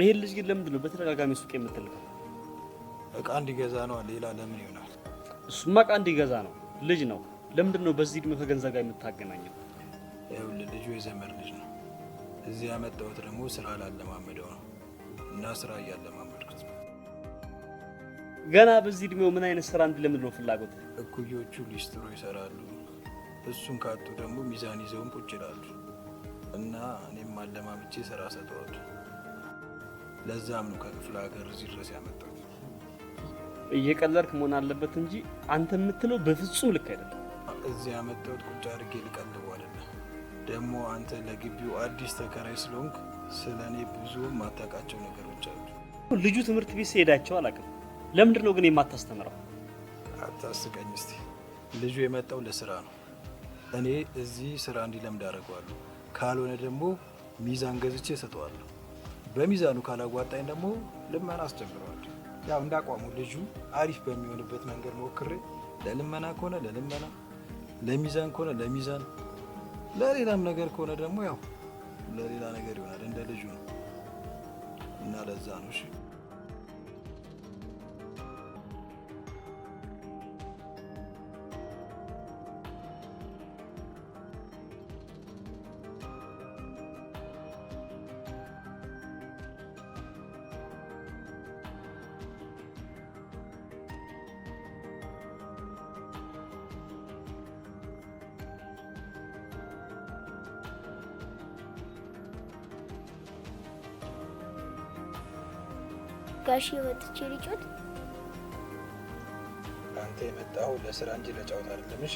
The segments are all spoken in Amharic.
ይሄን ልጅ ግን ለምንድን ነው በተደጋጋሚ ሱቅ የምትልከው? እቃ እንዲገዛ ነው። ሌላ ለምን ይሆናል? እሱማ እቃ እንዲገዛ ነው። ልጅ ነው። ለምንድን ነው በዚህ እድሜ ከገንዘብ ጋር የምታገናኘው? ይኸውልህ ልጁ የዘመድ ልጅ ነው። እዚህ ያመጣሁት ደግሞ ስራ ላለማመደው ነው እና ስራ እያለማመድኩት ነው። ገና በዚህ እድሜው ምን አይነት ስራ እንዲለምድ ነው ፍላጎት? እኩዮቹ ሊስትሮ ይሰራሉ። እሱን ካጡ ደግሞ ሚዛን ይዘውን ቁጭ ይላሉ እና እኔም አለማምቼ ስራ ሰጠዋለሁ ለዛም ነው ከክፍለ ሀገር እዚህ ድረስ ያመጣት። እየቀለድክ መሆን አለበት እንጂ አንተ የምትለው በፍጹም ልክ አይደለም። እዚህ ያመጣሁት ቁጭ አድርጌ ልቀልበው ደግሞ አንተ ለግቢው አዲስ ተከራይ ስለሆንክ ስለ እኔ ብዙ የማታውቃቸው ነገሮች አሉ። ልጁ ትምህርት ቤት ሲሄዳቸው አላውቅም። ለምንድን ነው ግን የማታስተምረው? አታስቀኝ እስቲ። ልጁ የመጣው ለስራ ነው። እኔ እዚህ ስራ እንዲለምድ አደርገዋለሁ። ካልሆነ ደግሞ ሚዛን ገዝቼ እሰጠዋለሁ። በሚዛኑ ካላዋጣኝ ደግሞ ልመና አስጀምረዋል። ያው እንዳቋሙ ልጁ አሪፍ በሚሆንበት መንገድ ሞክሬ ለልመና ከሆነ ለልመና፣ ለሚዛን ከሆነ ለሚዛን፣ ለሌላም ነገር ከሆነ ደግሞ ያው ለሌላ ነገር ይሆናል። እንደ ልጁ ነው እና ለዛ ነው። ጋሽ ወጥቼ ልጮት አንተ የመጣው ለስራ እንጂ ለጫወታ አይደለም። እሺ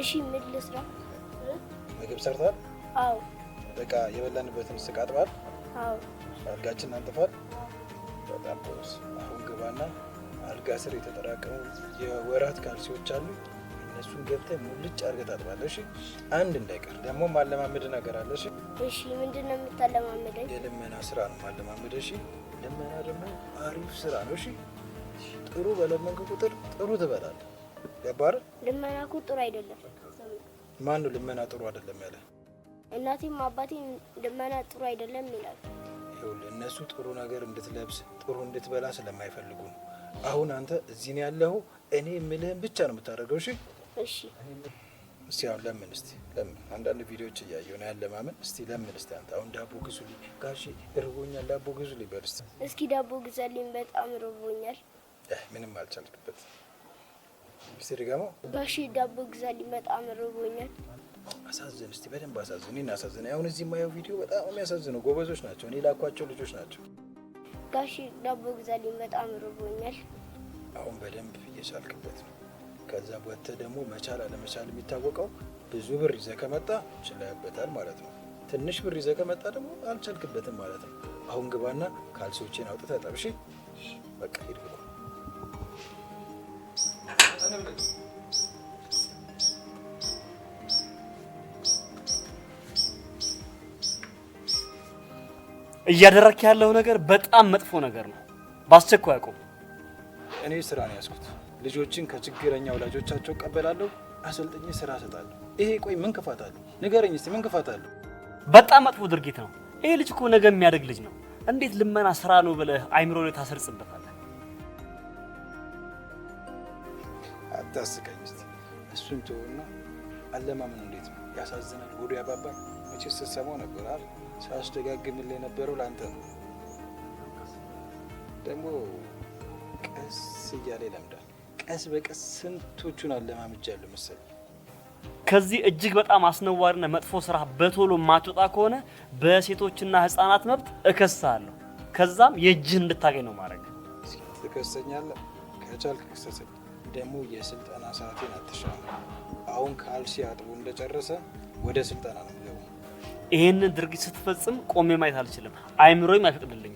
እሺ። ምን ልስራ? ምግብ ሰርታል? አዎ። በቃ የበላንበትን ስቃ አጥባል? አዎ። አልጋችን አንጥፋል? በጣም ጎበዝ። አሁን ግባና አልጋ ስር የተጠራቀሙ የወራት ካልሲዎች አሉ እሱን ገብተህ ሙልጭ አድርገህ ታጥባለህ። አንድ እንዳይቀር። ደግሞ ማለማመድ ነገር አለ። እሺ። እሺ፣ ምንድን ነው የምታለማመደኝ? የልመና ስራ ነው ማለማመድ። እሺ። ልመና ደግሞ አሪፍ ስራ ነው። እሺ። ጥሩ በለመንክ ቁጥር ጥሩ ትበላለህ። ገባህ ልመና እኮ ጥሩ አይደለም። ማን ነው ልመና ጥሩ አይደለም ያለ? እናቴም አባቴም ልመና ጥሩ አይደለም ይላል። ይኸውልህ እነሱ ጥሩ ነገር እንድትለብስ ጥሩ እንድትበላ ስለማይፈልጉ ነው። አሁን አንተ እዚህ ነው ያለኸው። እኔ የምልህን ብቻ ነው የምታደርገው። እሺ እሺ እስቲ አሁን ለምን እስቲ ለምን አንዳንድ ቪዲዮዎች እያየሁ ነው ያለ ማመን እስቲ ለምን እስቲ አንተ አሁን ዳቦ ግዙልኝ ጋሺ እርቦኛል፣ ዳቦ ግዙልኝ በል እስቲ። እስኪ ዳቦ ግዛልኝ፣ በጣም እርቦኛል። ምንም አልቻልክበት። እስቲ ድጋሞ ጋሺ ዳቦ ግዛልኝ፣ በጣም እርቦኛል። አሳዝን እስቲ በደንብ አሳዝን፣ እኔን አሳዝን። አሁን እዚህ የማየው ቪዲዮ በጣም የሚያሳዝነው ጎበዞች ናቸው፣ እኔ ላኳቸው ልጆች ናቸው። ጋሺ ዳቦ ግዛልኝ፣ በጣም እርቦኛል። አሁን በደንብ እየቻልክበት ነው ከዛ ወጥተህ ደግሞ መቻል አለመቻል የሚታወቀው ብዙ ብር ይዘህ ከመጣ ችለህበታል ማለት ነው። ትንሽ ብር ይዘህ ከመጣ ደግሞ አልቻልክበትም ማለት ነው። አሁን ግባና ካልሲዎችን አውጥተህ ጠብሽ፣ በቃ ሂድ እያደረክ ያለው ነገር በጣም መጥፎ ነገር ነው። በአስቸኳይ አቁም። እኔ ስራ ነው ያዝኩት። ልጆችን ከችግረኛ ወላጆቻቸው እቀበላለሁ፣ አሰልጥኜ ስራ እሰጣለሁ። ይሄ ቆይ ምን ክፋት አለ? ንገረኝ እስኪ ምን ክፋት አለ? በጣም መጥፎ ድርጊት ነው። ይሄ ልጅ እኮ ነገ የሚያደግ ልጅ ነው። እንዴት ልመና ስራ ነው ብለህ አይምሮ ላይ ታሰርጽበታለህ? አታስቀኝ እስኪ እሱን ተወውና፣ አለማመኑ እንዴት ነው ያሳዝናል። ጉዱ ያባባል። መቼ ስትሰማው ነበር አይደል? ሳያስደጋግምልህ የነበረው ለአንተ ነው። ደግሞ ቀስ እያለ ይለምዳል። ቀስ በቀስ ስንቶቹን አለማምጃለሁ መሰለኝ። ከዚህ እጅግ በጣም አስነዋሪና መጥፎ ስራ በቶሎ ማትወጣ ከሆነ በሴቶችና ህፃናት መብት እከሳለሁ። ከዛም የእጅህን እንድታገኝ ነው ማድረግ። ትከሰኛለህ? ከቻልክ ክሰሰኝ። ደግሞ የስልጠና ሰዓቴን አትሻለ። አሁን ካልሲ አጥቦ እንደጨረሰ ወደ ስልጠና ነው የሚገባው። ይህንን ድርጊት ስትፈጽም ቆሜ ማየት አልችልም፣ አይምሮይም አይፈቅድልኝ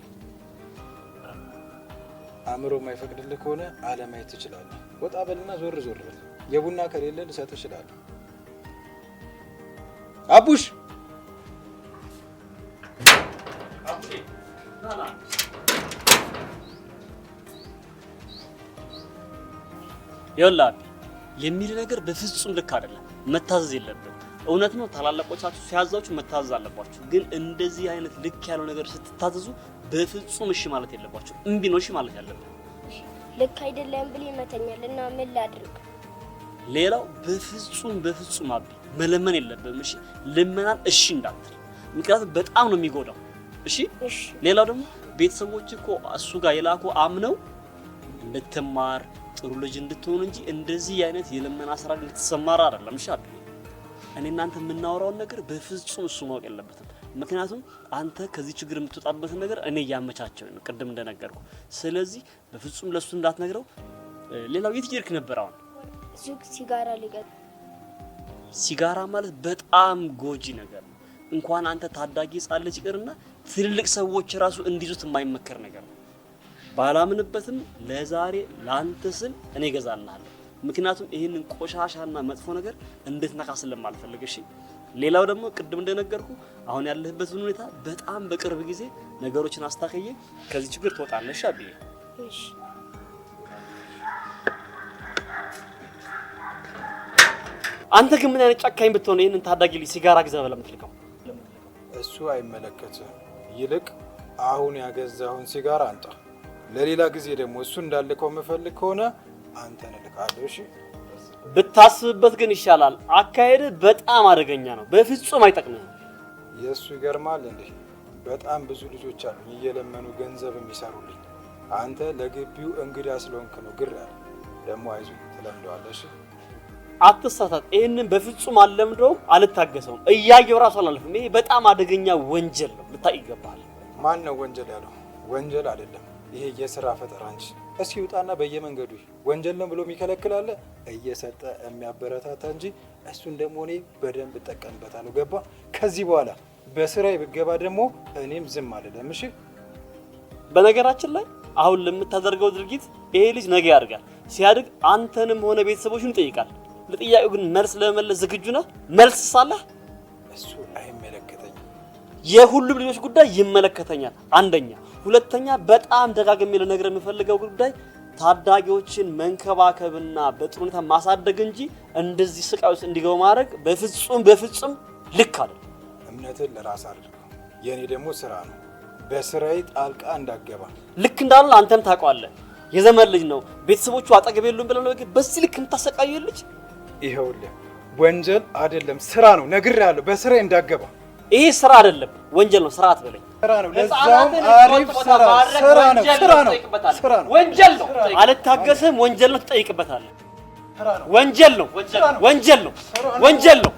አእምሮ የማይፈቅድልህ ከሆነ አለማየት ትችላለህ። ወጣ በልና ዞር ዞር በል። የቡና ከሌለ ልሰጥ እችላለሁ። አቡሽ ይኸውልህ የሚል ነገር በፍጹም ልክ አይደለም። መታዘዝ የለብን። እውነት ነው ታላላቆቻችሁ ሲያዛችሁ መታዘዝ አለባችሁ። ግን እንደዚህ አይነት ልክ ያለው ነገር ስትታዘዙ በፍጹም እሺ ማለት የለባቸው። እምቢ ነው እሺ ማለት ያለብን። ልክ አይደለም ብል ይመተኛል እና ምን ላድርግ? ሌላው በፍጹም በፍጹም አብ መለመን የለብም እሺ። ልመናን እሺ እንዳትል፣ ምክንያቱም በጣም ነው የሚጎዳው። እሺ። ሌላው ደግሞ ቤተሰቦች እኮ እሱ ጋር የላኩ አምነው እንድትማር ጥሩ ልጅ እንድትሆን እንጂ እንደዚህ አይነት የልመና ስራ እንድትሰማራ አይደለም። እሺ። እኔ እናንተ የምናወራውን ነገር በፍጹም እሱ ማወቅ የለበትም። ምክንያቱም አንተ ከዚህ ችግር የምትወጣበትን ነገር እኔ እያመቻቸው ነው፣ ቅድም እንደነገርኩ። ስለዚህ በፍጹም ለሱ እንዳትነግረው። ሌላው የት ሄድክ ነበር? አሁን ሲጋራ ሊቀጥ። ሲጋራ ማለት በጣም ጎጂ ነገር ነው። እንኳን አንተ ታዳጊ ሕጻን ልጅ ይቅርና ትልልቅ ሰዎች ራሱ እንዲይዙት የማይመከር ነገር ነው። ባላምንበትም ለዛሬ ለአንተ ስል እኔ እገዛልሃለሁ። ምክንያቱም ይህንን ቆሻሻና መጥፎ ነገር እንድትነካ ስለማልፈልግ እሺ። ሌላው ደግሞ ቅድም እንደነገርኩ አሁን ያለህበት ሁኔታ በጣም በቅርብ ጊዜ ነገሮችን አስተካክዬ ከዚህ ችግር ትወጣለሽ አብይ አንተ ግን ምን አይነት ጨካኝ ብትሆን ይህንን ታዳጊ ልጅ ሲጋራ ግዛ ብለህ የምትልከው? እሱ አይመለከትም። ይልቅ አሁን ያገዛሁን ሲጋራ አንጣ። ለሌላ ጊዜ ደግሞ እሱ እንዳልከው የምፈልግ ከሆነ አንተን እልካለሁ። እሺ ብታስብበት ግን ይሻላል። አካሄድ በጣም አደገኛ ነው። በፍጹም አይጠቅምም። የእሱ ይገርማል እንዴ! በጣም ብዙ ልጆች አሉ እየለመኑ ገንዘብ የሚሰሩልኝ። አንተ ለግቢው እንግዳ ስለሆንክ ነው። ግር ያለ ደግሞ አይዞ ትለምደዋለሽ። አትሳሳት። ይህንን በፍጹም አልለምደውም፣ አልታገሰውም። እያየው ራሱ አላለፍም። ይሄ በጣም አደገኛ ወንጀል ነው። ልታይ ይገባል። ማን ነው ወንጀል ያለው? ወንጀል አይደለም ይሄ የስራ ፈጠራ እንጂ እስኪ ውጣና በየመንገዱ ወንጀል ነው ብሎ የሚከለክላለ እየሰጠ የሚያበረታታ እንጂ እሱን ደግሞ እኔ በደንብ እጠቀምበታለሁ። ገባ? ከዚህ በኋላ በስራ ብገባ ደግሞ እኔም ዝም አልልም። እሺ። በነገራችን ላይ አሁን ለምታደርገው ድርጊት ይሄ ልጅ ነገ ያድርጋል ሲያድግ አንተንም ሆነ ቤተሰቦችን ይጠይቃል። ለጥያቄው ግን መልስ ለመመለስ ዝግጁ ነህ? መልስ ሳለህ እሱ አይመለከተኝም። የሁሉም ልጆች ጉዳይ ይመለከተኛል። አንደኛ ሁለተኛ በጣም ደጋግሜ ልነግር የምፈልገው ጉዳይ ታዳጊዎችን መንከባከብና በጥሩ ሁኔታ ማሳደግ እንጂ እንደዚህ ስቃይ ውስጥ እንዲገቡ ማድረግ በፍጹም በፍጹም ልክ አይደለም። እምነትን ለራስ አድርገው፣ የእኔ ደግሞ ስራ ነው። በስራዬ ጣልቃ እንዳገባ ልክ እንዳሉ አንተም ታውቀዋለህ። የዘመን ልጅ ነው፣ ቤተሰቦቹ አጠገብ የሉም ብለህ ነው በዚህ ልክ የምታሰቃየው ልጅ። ይኸውልህ ወንጀል አይደለም ስራ ነው ነግሬሃለሁ። በስራዬ እንዳገባ ይህ ስራ አይደለም፣ ወንጀል ነው። ስርዓት በለኝ። ወንጀል ነው። አልታገስም። ወንጀል ነው። ትጠይቅበታለህ። ወንጀል ነው። ወንጀል ነው። ወንጀል ነው።